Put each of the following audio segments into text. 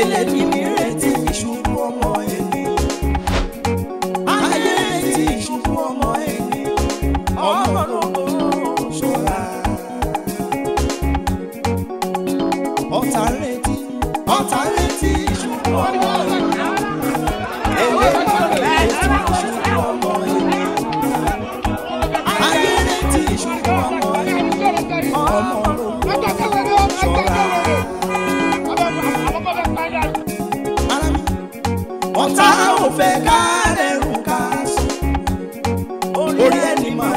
elédùn.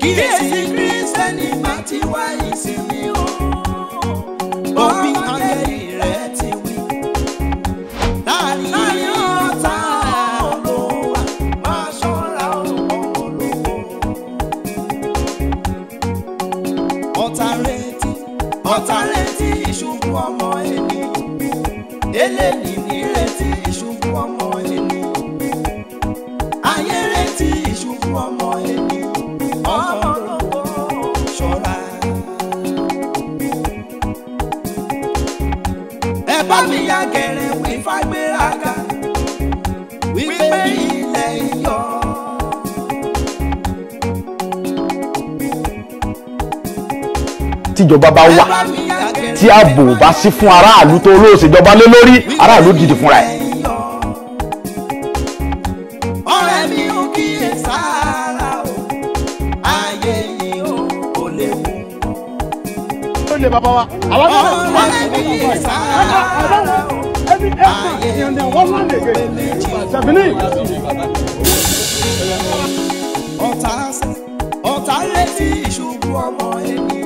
kíyèsí kírísítẹ́nì má ti wá ìsinmi o. Omi angẹ́lì rẹ̀ ti wí. Láàrin ọ̀tá olówó má ṣọ́ra olówó. Ọ̀tá retí ọ̀tá retí ìṣubú ọmọ ẹni. Délé ni. bá mi yá gẹ̀rẹ̀ wí fágbéraga wípé ilẹ̀ yọ. tíjọba bá wà tí ààbò bá sí fún aráàlú tó olóòṣèjọba lé lórí aráàlú dìde fúnra ẹ̀. ló lè bàbá wa. àwọn ọmọ mi ní sáà ẹni ẹ̀ka ìyẹn wọn má lè gbé sẹ̀bìnì. ọ̀tá ọ̀tá retí ìṣubú ọmọ ẹni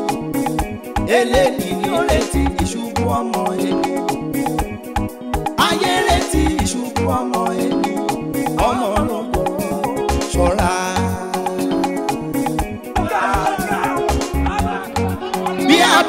eléyìí ni ó retí ìṣubú ọmọ ẹni ayé retí ìṣubú ọmọ ẹni ọmọ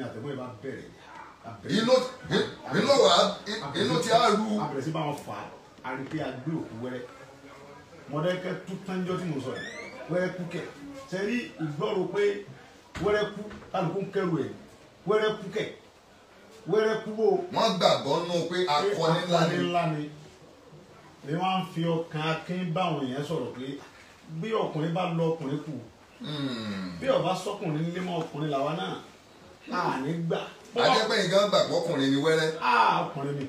èmi àtẹ̀mọ́ yìí bá bẹ̀rẹ̀ inú eh, inú wa inú ti á ru. abẹ̀rẹ̀ sí bá wọn fà á àríkè agbé òkú wẹ́rẹ́ mọ̀dẹ́kẹ́ tú tánjọ́ tí mo sọ yìí pé wẹ́rẹ́ kú kálukú kẹrù ẹ̀ wẹ́rẹ́ kú bò. wọ́n gbàgbọ́ nù pé akọni ńlá ni. ni ni fi ọkàn akín báwọn èèyàn sọ̀rọ̀ pé bí ọkùnrin bá lọ ọkùnrin kù hmm. bí ọba sọkùnrin lé mọ́ ọkùnrin làwa náà àní gbà. àjẹpẹ́ nǹkan gbà pọ́kùnrin ni wẹ́rẹ́. ọkùnrin ni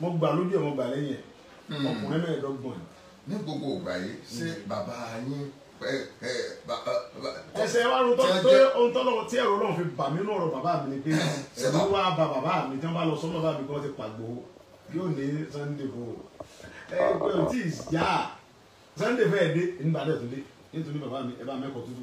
mo gbà lójú ẹ̀ mo gbà lẹ́yìn ẹ̀ hmm. ọkùnrin mẹ́ẹ̀ẹ́dọ́gbọ̀n. ní gbogbo ìgbà yìí ṣé hmm. bàbá yín ẹsẹ̀ wa ló tọ́ tó ohun tó lọ́wọ́ tí ẹ̀rọ lọ́wọ́ fi bà mí lọ́rọ̀ bàbá mi ni pé hmm. ẹ̀rọ wa bà bàbá mi tí wọ́n bá lọ sọ́mọ́ bàbá mi kí wọ́n ti pàgbó yóò ní Sunday fò ẹ pé o tí ì yá Sunday fẹ́ẹ́ dé nígbà tó dé nítorí bàbá mi ẹ bá mẹ́kọ̀ọ́ tútù